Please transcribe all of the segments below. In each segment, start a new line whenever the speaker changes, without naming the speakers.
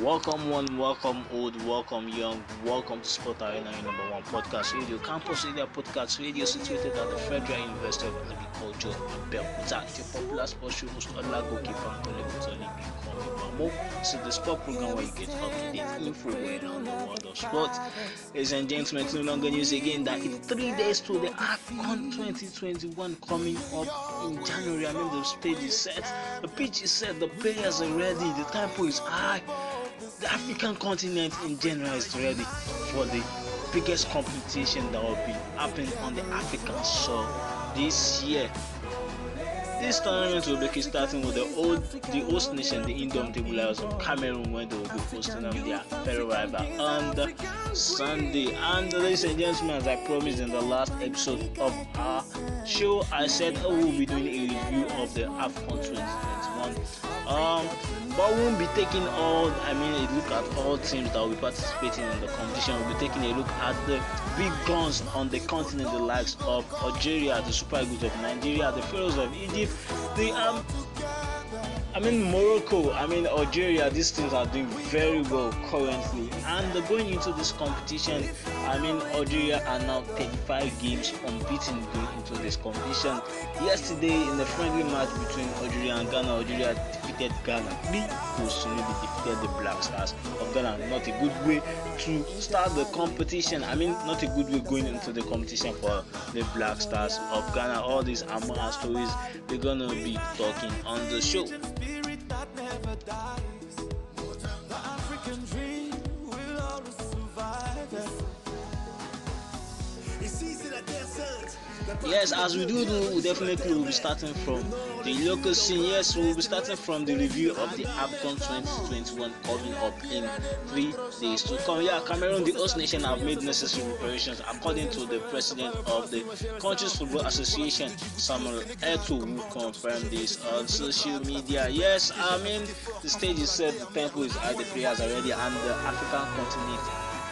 Welcome one, welcome old, welcome young, welcome to Sport Arena, your number one podcast radio, campus radio podcast radio situated at the Federal University of Agriculture, Abeokuta. It's a popular sports show most Olagoke Pankole Butoni Bikomi Bamo. This is the sport program where you get up to date info going on the world of sports. Ladies and gentlemen, it's no longer news again that it's three days to the AFCON 2021 coming up in January. I mean, the stage is set, the pitch is set, the players are ready, the tempo is high the African continent in general is ready for the biggest competition that will be happening on the African soil this year. This tournament will be starting with the old the host nation, the Indomitable Lions of Cameroon, where they will be hosting them their fellow rival on Sunday. And ladies and gentlemen, as I promised in the last episode of our show, I said I will be doing a review of the AFCON 2021. Um, but we won't be taking all I mean a look at all teams that will be participating in the competition. We'll be taking a look at the big guns on the continent, the likes of Algeria, the Super Eagles of Nigeria, the Pharaohs of Egypt, the um, I mean, Morocco, I mean, Algeria, these teams are doing very well currently. And going into this competition, I mean, Algeria are now 35 games unbeaten going into this competition. Yesterday, in the friendly match between Algeria and Ghana, Algeria defeated Ghana. Three goals to really defeated the Black Stars of Ghana. Not a good way to start the competition. I mean, not a good way going into the competition for the Black Stars of Ghana. All these Amara stories we're gonna be talking on the show. Yes, as we do, we definitely will be starting from the local scene. Yes, we'll be starting from the review of the Abcon 2021 coming up in three days to come. Yeah, Cameroon, the host nation, have made necessary preparations according to the president of the country's football association, Samuel Eto, who confirmed this on social media. Yes, I mean, the stage is set, the tempo is high, the players are ready, and the African continent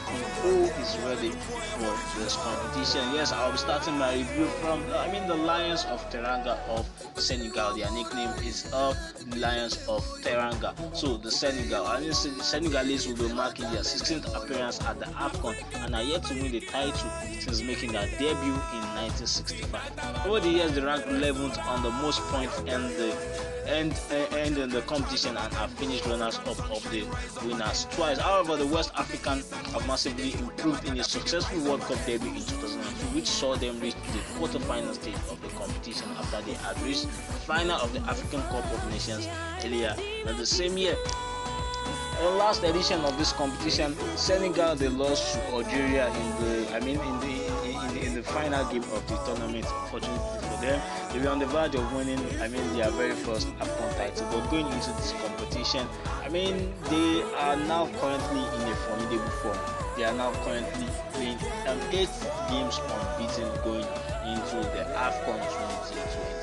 who is ready for this competition. Yes, I'll be starting my review from, I mean, the Lions of Teranga of Senegal. Their nickname is of Lions of Teranga. So the Senegal, I mean, Senegalese will be marking their 16th appearance at the AFCON and are yet to win the title since making their debut in 1965. Over the years, they ranked 11th on the most points and the end, eh, end in the competition and have finished runners up of the winners twice. However, the West African have massively improved in a successful World Cup debut in 2002, which saw them reach the quarter-final stage of the competition after they had reached the final of the African Cup of Nations earlier in the same year. In the last edition of this competition, Senegal they lost to Algeria in the I mean in the final game of the tournament unfortunately for them. They were on the verge of winning, I mean, their very first AFCON title, but going into this competition, I mean, they are now currently in a formidable form. They are now currently playing um, eight games unbeaten going into the AFCON 2020.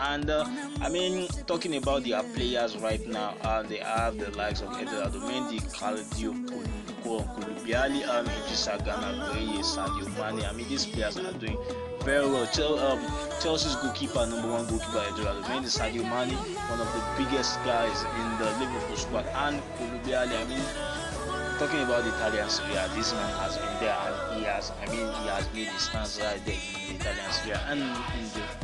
And uh, I mean, talking about their players right now, uh, they have the likes of Edel Mendy, Caldio, Koulibaly, um, Idrissa Gana, Gueye, Sadio Mane. I mean, these players are doing very well. Chel- um, Chelsea's goalkeeper, number one goalkeeper, Edel Mendy, Sadio Mane, one of the biggest guys in the Liverpool squad, and Koulibaly. I mean, talking about the Italian sphere, this man has been there and he has, I mean, he has made his hands right there in the Italian sphere, and in the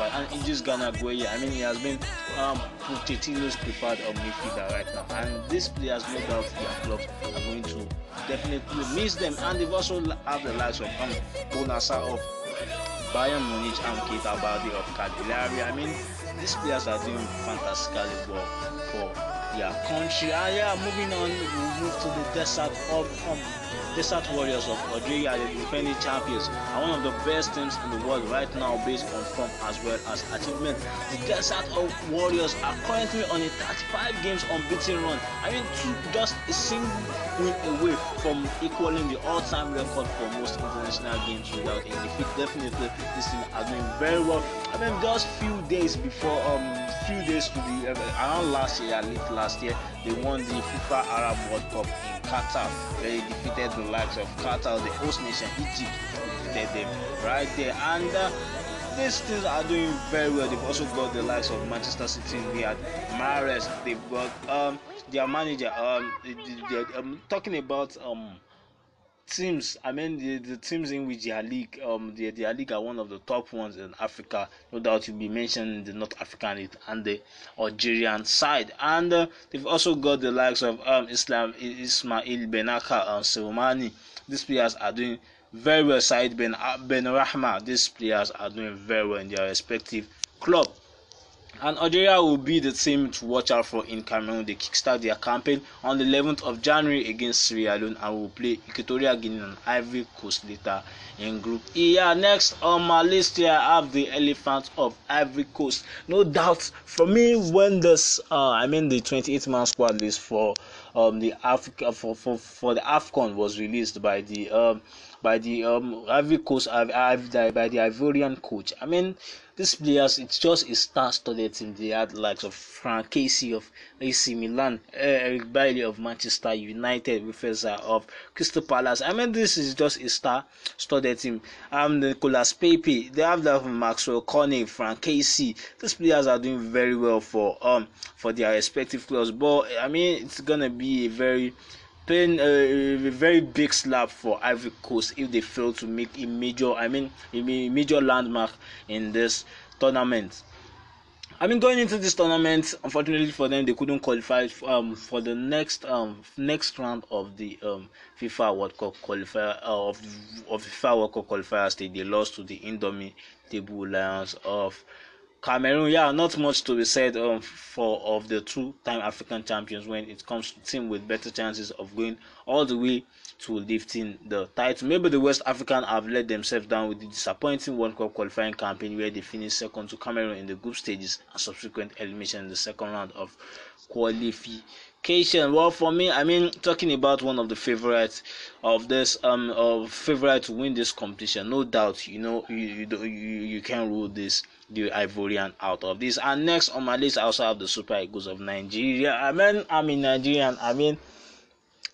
prepared. And in this Ghana Gueye, I mean, he has been um, Pochettino's prepared um, midfielder right now. And these players, no doubt, their clubs are going to definitely miss them. And they've also have the likes of um, Bonasa of Bayern Munich and Keita Balde of Cagliari. I mean, these players are doing fantastically well for their country. And ah, yeah, moving on, we move to the desert of um, Desert Warriors of Algeria, the defending champions, are one of the best teams in the world right now based on form as well as achievement. The Desert of Warriors are currently on a 35 games unbeaten run. I mean, two, just a single away from equaling the all-time record for most international games without a defeat. Definitely, this team are doing very well. I mean, just few days before, um, few days to the uh, around last year, late last year, they won the FIFA Arab World Cup in Qatar. They defeated the likes of Qatar, the host nation, Egypt. Defeated them right there, and. Uh, these teams are doing very well. They've also got the likes of Manchester City. They had Mares. They've got um, their manager. Um, they, um, talking about um teams i mean the, the teams in which their league um their, their league are one of the top ones in africa no doubt you'll be mentioning the north african and the algerian side and uh, they've also got the likes of um islam ismail benaka and Seromani. these players are doing very well side Ben, uh, ben Rahma. These players are doing very well in their respective club. And Algeria will be the team to watch out for in Cameroon. They kickstart their campaign on the 11th of January against Sierra Leone and will play Equatorial Guinea and Ivory Coast later in Group E. Yeah, next on my list here I have the Elephant of Ivory Coast. No doubt for me when this, uh, I mean the 28-man squad list for um the Africa uh, for, for for the Afcon was released by the um by the um Ivory Coast by the Ivorian coach. I mean, these players it's just a star-studded team. They had likes of Frank Casey of AC Milan, Eric Bailey of Manchester United, Professor of Crystal Palace. I mean, this is just a star-studded team. Um, Nicolas Pepe. They have that Maxwell Corning, Frank Casey. These players are doing very well for um for their respective clubs. But I mean, it's gonna be a very paying a, a very big slap for Ivory Coast if they fail to make a major, I mean, a major landmark in this tournament. I mean, going into this tournament, unfortunately for them, they couldn't qualify um, for the next um, next round of the um, FIFA World Cup qualifier uh, of of FIFA World Cup qualifier stage. They lost to the Indomie Table Lions of Cameroon, yeah, not much to be said um, for of the two-time African champions when it comes to team with better chances of going all the way to lifting the title. Maybe the West African have let themselves down with the disappointing World Cup qualifying campaign where they finished second to Cameroon in the group stages and subsequent elimination in the second round of qualification. Well, for me, I mean, talking about one of the favorites of this um of favorite to win this competition, no doubt, you know, you you you, you can rule this the Ivorian out of this. And next on my list, I also have the Super Eagles of Nigeria. I mean, I'm in Nigerian. I mean,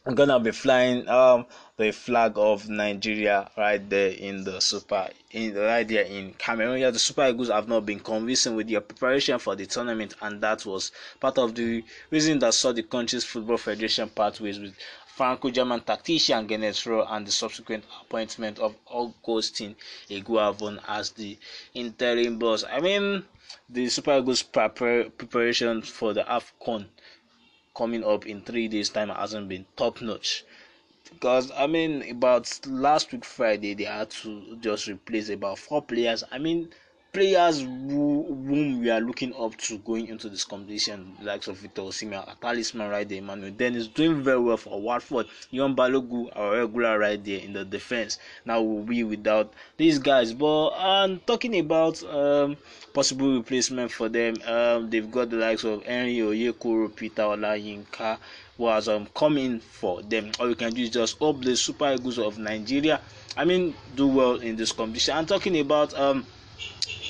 I'm gonna be flying um the flag of Nigeria right there in the Super in right there in Cameroon. Yeah, the Super Eagles have not been convincing with their preparation for the tournament, and that was part of the reason that saw the country's football federation pathways with Franco-German tactician Genethro and the subsequent appointment of Augustin Iguavon as the interim boss. I mean, the Super Eagles prepar- preparation for the AFCON coming up in three days' time hasn't been top-notch because I mean about last week Friday they had to just replace about four players. I mean players whom we are looking up to going into this competition, likes of Victor Osimhen, talisman right there, Emmanuel Dennis doing very well for Watford. Yon Balogu, our regular right there in the defense. Now we'll be without these guys. But I'm talking about um, possible replacement for them. Um, they've got the likes of Henry Oyekuru, Peter Olayinka, was um, coming for them. All we can do is just hope the Super Eagles of Nigeria, I mean, do well in this competition. I'm talking about um,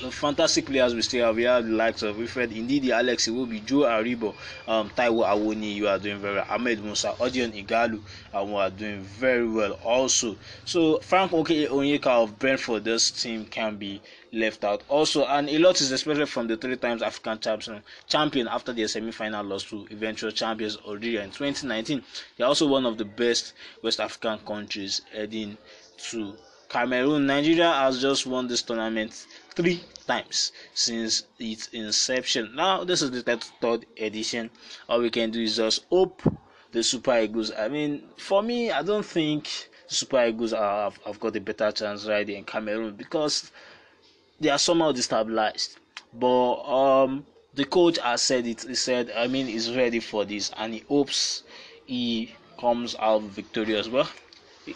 some fantastic players we still have. We have the likes of Wilfred Indeed, Alex Iwobi, Joe Aribo, um, Taiwo Awoni. You are doing very well. Ahmed Musa, Odion Igalu, um, and we are doing very well also. So Frank Oke Onyeka of Brentford, this team can be left out also and a lot is expected from the three times african champion um, champion after their semi-final loss to eventual champions algeria in 2019 they are also one of the best west african countries heading to cameroon nigeria has just won this tournament three times since its inception. Now, this is the third edition. All we can do is just hope the Super Eagles. I mean, for me, I don't think Super Eagles have, have got a better chance right in Cameroon because they are somehow destabilized. But um, the coach has said it. He said, I mean, he's ready for this, and he hopes he comes out victorious. Well,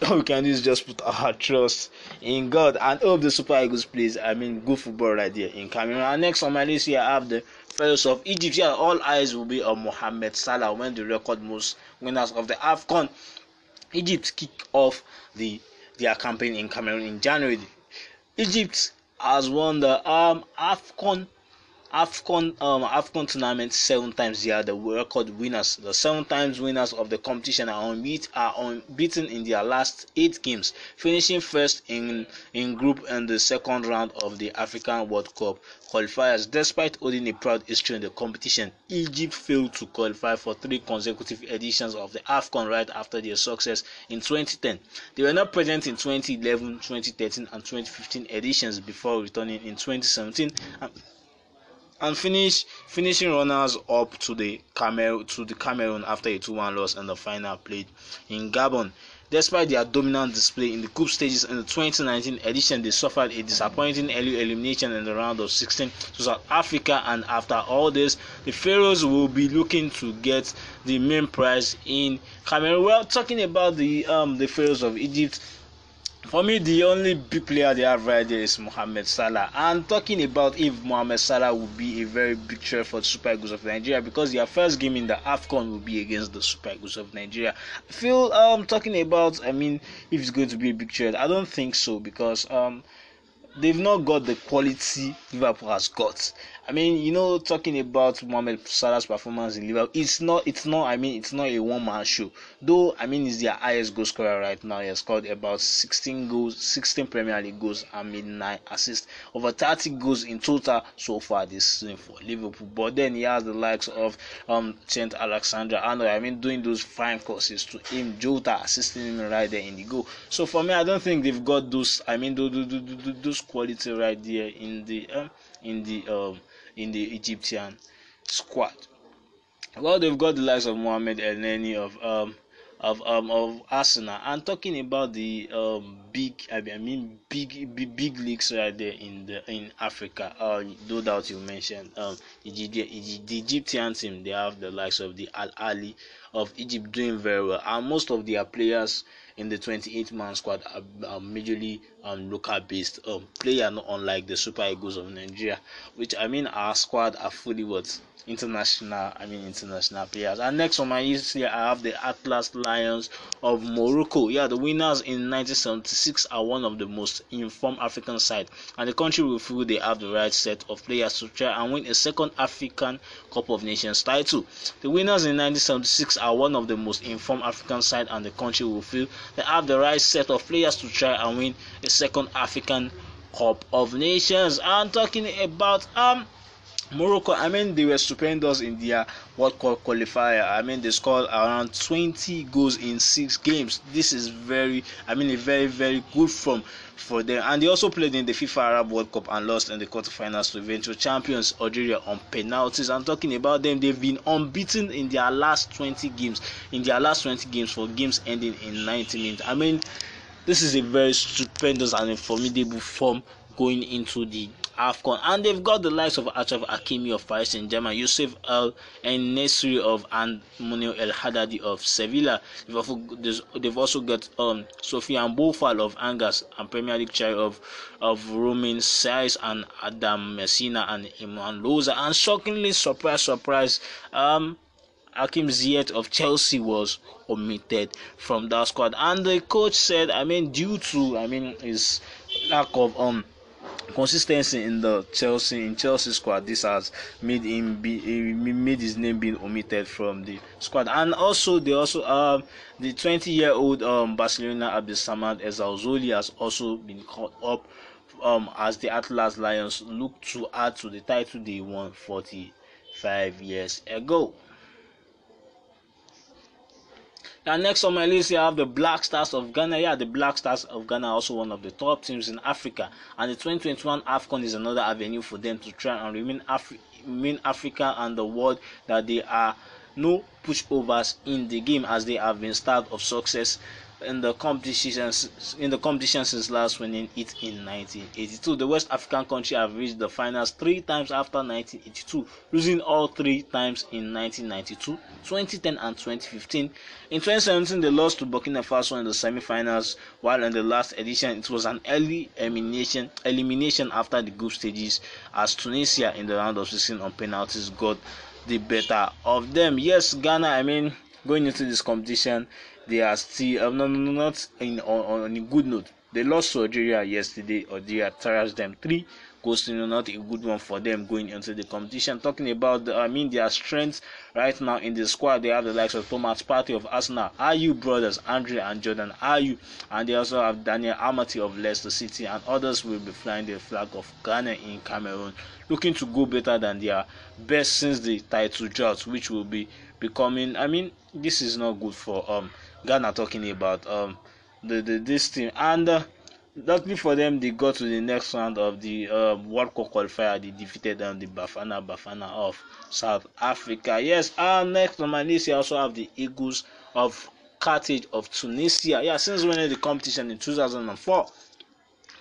all we can do is just put our trust in God and hope the Super Eagles plays. I mean, good football right there in Cameroon. And next on my list here, I have the Pharaohs of Egypt. Here, all eyes will be on Mohamed Salah when the record most winners of the AFCON. Egypt kick off the their campaign in Cameroon in January. Egypt has won the um, AFCON AFCON um, AFCON tournament seven times. They are the record winners. The seven times winners of the competition are unbeaten, are unbeaten in their last eight games, finishing first in in group and the second round of the African World Cup qualifiers. Despite holding a proud history in the competition, Egypt failed to qualify for three consecutive editions of the AFCON right after their success in 2010. They were not present in 2011, 2013, and 2015 editions before returning in 2017. And and finish finishing runners up to the Cameroon to the Cameroon after a 2-1 loss in the final played in Gabon. Despite their dominant display in the group stages in the 2019 edition, they suffered a disappointing early elimination in the round of 16 to South Africa, and after all this, the Pharaohs will be looking to get the main prize in Cameroon. Well, talking about the um, the Pharaohs of Egypt, for me, the only big player they have right there is Mohamed Salah. And talking about if Mohamed Salah will be a very big threat for the Super Eagles of Nigeria because their first game in the AFCON will be against the Super Eagles of Nigeria. I feel um talking about I mean if it's going to be a big threat, I don't think so because um they've not got the quality Liverpool has got. I mean, you know, talking about Mohamed Salah's performance in Liverpool, it's not, it's not. I mean, it's not a one-man show. Though, I mean, he's their highest goal scorer right now. He has scored about 16 goals, 16 Premier League goals, and made nine assists, over 30 goals in total so far this season for Liverpool. But then he has the likes of um Trent Alexander-Arnold. I mean, doing those fine crosses to him, Jota assisting him right there in the goal. So for me, I don't think they've got those. I mean, those, those, those quality right there in the um, in the um in the Egyptian squad. Well, they've got the likes of Mohamed El Neni of um, of um, of Arsenal. and talking about the um, big, I mean, big, big, big leagues right there in the in Africa. Uh, no doubt you mentioned um, the, the Egyptian team. They have the likes of the Al Ali of Egypt doing very well, and most of their players in the 28-man squad are, are majorly um, local-based um, player, not unlike the Super Eagles of Nigeria, which I mean our squad are fully worth. international i mean international players and next on my list here i have the atlas lions of morocco yeah the winners in 1976 are one of the most informed african side and the country will feel they have the right set of players to try and win a second african cup of nations title the winners in 1976 are one of the most informed african side and the country will feel they have the right set of players to try and win a second african cup of nations and talking about um Morocco, I mean, they were stupendous in their World Cup qualifier. I mean, they scored around 20 goals in six games. This is very, I mean, a very, very good form for them. And they also played in the FIFA Arab World Cup and lost in the quarterfinals to eventual champions Algeria on penalties. I'm talking about them. They've been unbeaten in their last 20 games, in their last 20 games for games ending in 90 minutes. I mean, this is a very stupendous and a formidable form going into the AFCON. And they've got the likes of Achraf Akimi of Paris Saint Germain, Yusuf El and Nesri of and Munio El of Sevilla. They've also, they've also got um, Sofian Bofal of Angers and Premier League chair of, of Roman Sais and Adam Messina and Iman Loza. And shockingly, surprise, surprise, um, Hakim Ziyech of Chelsea was omitted from that squad, and the coach said, I mean, due to I mean his lack of um Consistency in the Chelsea in Chelsea squad this has made him be eh, made his name being omitted from the squad and also they also um the 20 year old um Barcelona Abdesamad Ezauzoli has also been caught up um as the Atlas Lions look to add to the title they won 45 years ago. And next on my list here, I have the Black Stars of Ghana. Yeah, the Black Stars of Ghana are also one of the top teams in Africa. And the 2021 AFCON is another avenue for them to try and remain, Afri- remain Africa and the world that they are no pushovers in the game as they have been starved of success in the competitions in the competition since last winning it in 1982. The West African country have reached the finals three times after 1982, losing all three times in 1992, 2010, and 2015. In 2017, they lost to Burkina Faso in the semi-finals, while in the last edition it was an early elimination elimination after the group stages, as Tunisia in the round of 16 on penalties got the better of them. Yes, Ghana. I mean, going into this competition they are still um, no, no, not in on, on a good note. They lost to Algeria yesterday. Algeria thrashed them three goals to not a good one for them going into the competition. Talking about, the, I mean, their strength right now in the squad, they have the likes of Thomas Partey of Arsenal, you brothers, Andre and Jordan Are you? and they also have Daniel Amati of Leicester City, and others will be flying the flag of Ghana in Cameroon, looking to go better than their best since the title drought, which will be becoming. I mean, this is not good for um Ghana talking about um the, the this team and uh, luckily for them they got to the next round of the uh, World Cup qualifier. They defeated um, the Bafana Bafana of South Africa. Yes, and next on my list I also have the Eagles of Carthage of Tunisia. Yeah, since winning the competition in 2004,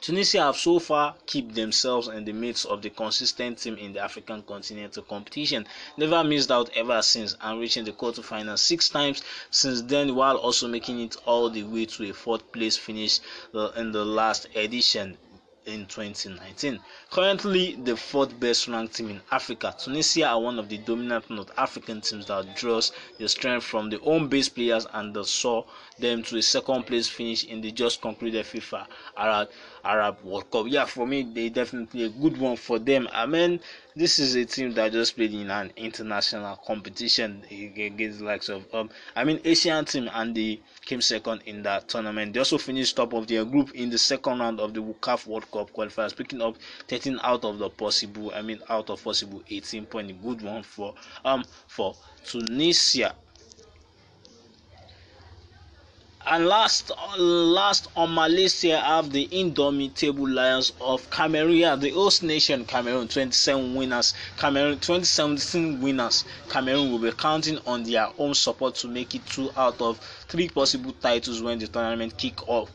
Tunisia have so far kept themselves in the midst of the consistent team in the African continental competition, never missed out ever since, and reaching the quarterfinals six times since then, while also making it all the way to a fourth place finish uh, in the last edition. in 2019. Currently, the fourth best ranked team in Africa, Tunisia are one of the dominant North African teams that draws their strength from their own based players and that saw them to a second place finish in the just concluded FIFA Arab, Arab World Cup. Yeah, for me, they definitely a good one for them. I mean, this is a team that just played in an international competition against the likes of um, I mean Asian team and they came second in that tournament. They also finished top of their group in the second round of the CAF World Cup qualifiers, picking up 13 out of the possible I mean out of possible 18 a Good one for um for Tunisia. And last, last on my list here, I have the indomitable Lions of Cameroon. the host nation Cameroon, 27 winners. Cameroon, 2017 winners. Cameroon will be counting on their own support to make it two out of three possible titles when the tournament kick off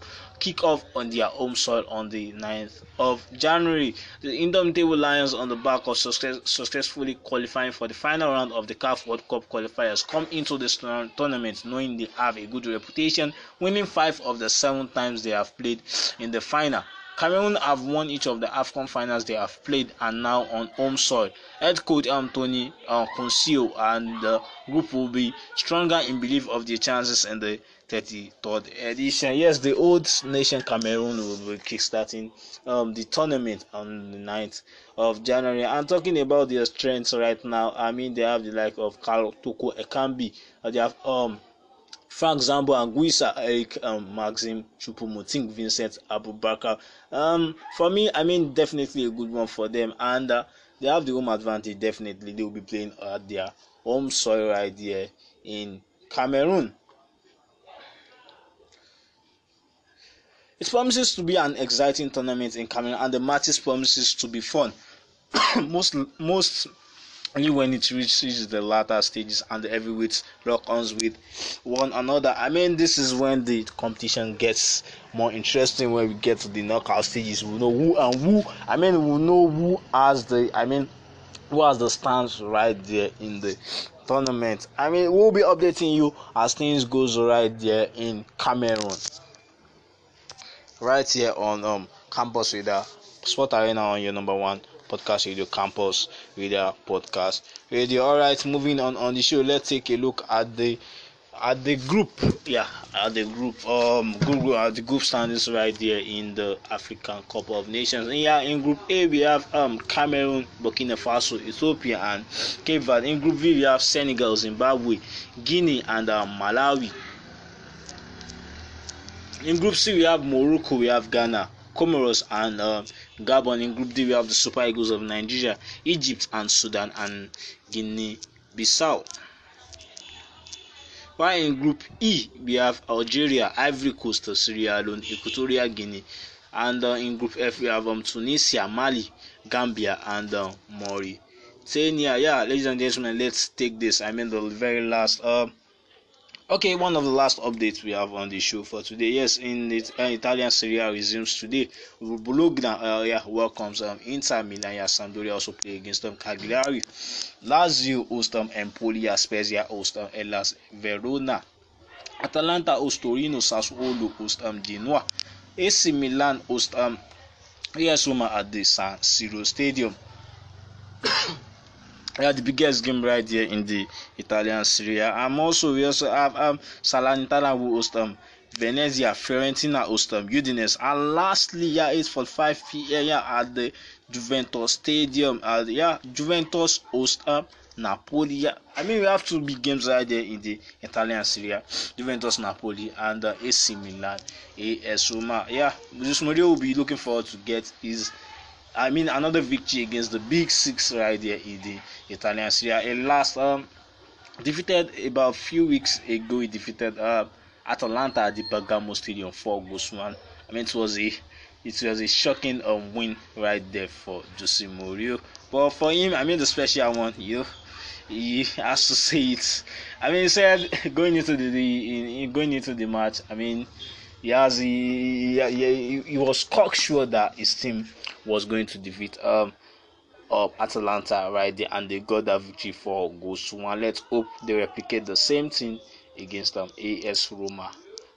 kick off on their home soil on the 9th of January. The Indomitable Lions, on the back of success, successfully qualifying for the final round of the CAF World Cup qualifiers, come into this tournament knowing they have a good reputation, winning five of the seven times they have played in the final. Cameroon have won each of the AFCON finals they have played and now on home soil. Head coach Anthony uh, Conceal and the group will be stronger in belief of their chances in the 33rd edition. Yes, the old nation Cameroon will be kickstarting um, the tournament on the 9th of January. And talking about their strengths right now. I mean, they have the like of Carl Toko Ekambi, uh, they have um Frank Zambo and Eric um, Maxim Chupumoting Vincent Abubakar. Um, for me, I mean, definitely a good one for them, and uh, they have the home advantage. Definitely, they will be playing at their home soil right there in Cameroon. It promises to be an exciting tournament in Cameroon, and the matches promises to be fun. most most only when it reaches the latter stages and the heavyweights lock arms with one another. I mean, this is when the competition gets more interesting. When we get to the knockout stages, we know who and who. I mean, we know who has the. I mean, who has the stance right there in the tournament. I mean, we'll be updating you as things goes right there in Cameroon. right here on um, Campus Radar Sport Arena on your number one podcast radio, Campus Radar Podcast Radio. All right, moving on on the show, let's take a look at the at the group. Yeah, at the group. Um, Google at the group standings right there in the African Cup of Nations. And yeah, in Group A we have um Cameroon, Burkina Faso, Ethiopia, and Cape Verde. In Group B we have Senegal, Zimbabwe, Guinea, and um, Malawi. in Group C, we have Morocco, we have Ghana, Comoros, and uh, Gabon. In Group D, we have the Super Eagles of Nigeria, Egypt, and Sudan, and Guinea Bissau. While in Group E, we have Algeria, Ivory Coast, Sierra Leone, Equatorial Guinea, and uh, in Group F, we have um, Tunisia, Mali, Gambia, and uh, Mauritania. Yeah, ladies and gentlemen, let's take this. I mean, the very last. Uh, Okay, one of the last updates we have on the show for today. Yes, in the uh, Italian Serie A resumes today. Bologna uh, yeah, welcomes um, Inter Milan. Yeah, Sampdoria also play against um, Cagliari. Lazio host um, Empoli. Yeah, Spezia host um, Hellas Verona. Atalanta host Torino. Sassuolo host um, Genoa. AC Milan host um, AS Roma at the San Siro Stadium. Yeah, the biggest game right here in the Italian Serie A. I'm also we also have um Salernitana will host um Venezia, Fiorentina host um Udinese, and lastly yeah it's for 8:45 p.m. Yeah, at the Juventus Stadium. At yeah Juventus host um Napoli. Yeah. I mean we have two big games right there in the Italian Serie Juventus, Napoli, and uh, AC Milan, AS Roma. Yeah, this Mourinho will be looking forward to get his I mean, another victory against the big six right there in the Italian Serie A. Last um, defeated about few weeks ago, he defeated uh, Atalanta at the Bergamo Stadium for goals I mean, it was a it was a shocking um, win right there for Jose Mourinho. But for him, I mean, the special one, you. he has to say it. I mean, he said going into the, the in, in going into the match. I mean, he has he, he, he was cocksure that his team was going to defeat um uh, Atalanta right there, and they got that victory for goals to one. Let's hope they replicate the same thing against um, AS Roma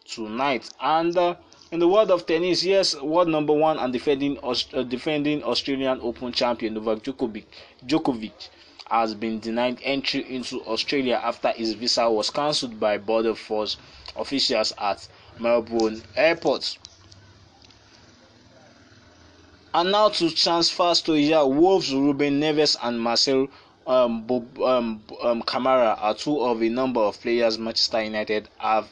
tonight. And uh, in the world of tennis, yes, world number one and defending Aust- uh, defending Australian Open champion Novak Djokovic Djokovic has been denied entry into Australia after his visa was cancelled by border force officials at Melbourne Airport. And now to transfer to here, Wolves, Ruben Neves, and Marcel um, Bob, um, um, Kamara are two of a number of players Manchester United have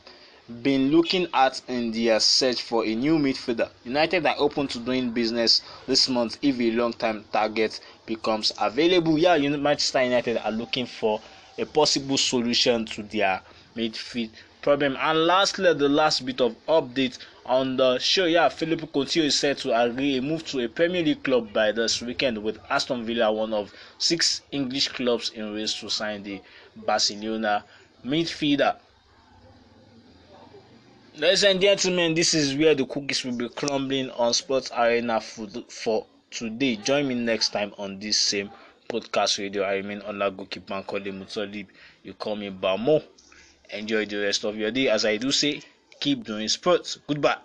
been looking at in their search for a new midfielder. United are open to doing business this month if a long term target becomes available. Yeah, Manchester United are looking for a possible solution to their midfield problem. And lastly, the last bit of update on the show. Yeah, Philippe Coutinho is set to agree a move to a Premier League club by this weekend with Aston Villa, one of six English clubs in race to sign the Barcelona midfielder. Ladies and gentlemen, this is where the cookies will be crumbling on Sports Arena for today. Join me next time on this same podcast radio. I mean remain Olagoki Bankole Mutolib. You call me Bamo enjoy the rest of your day as i do say keep doing sports goodbye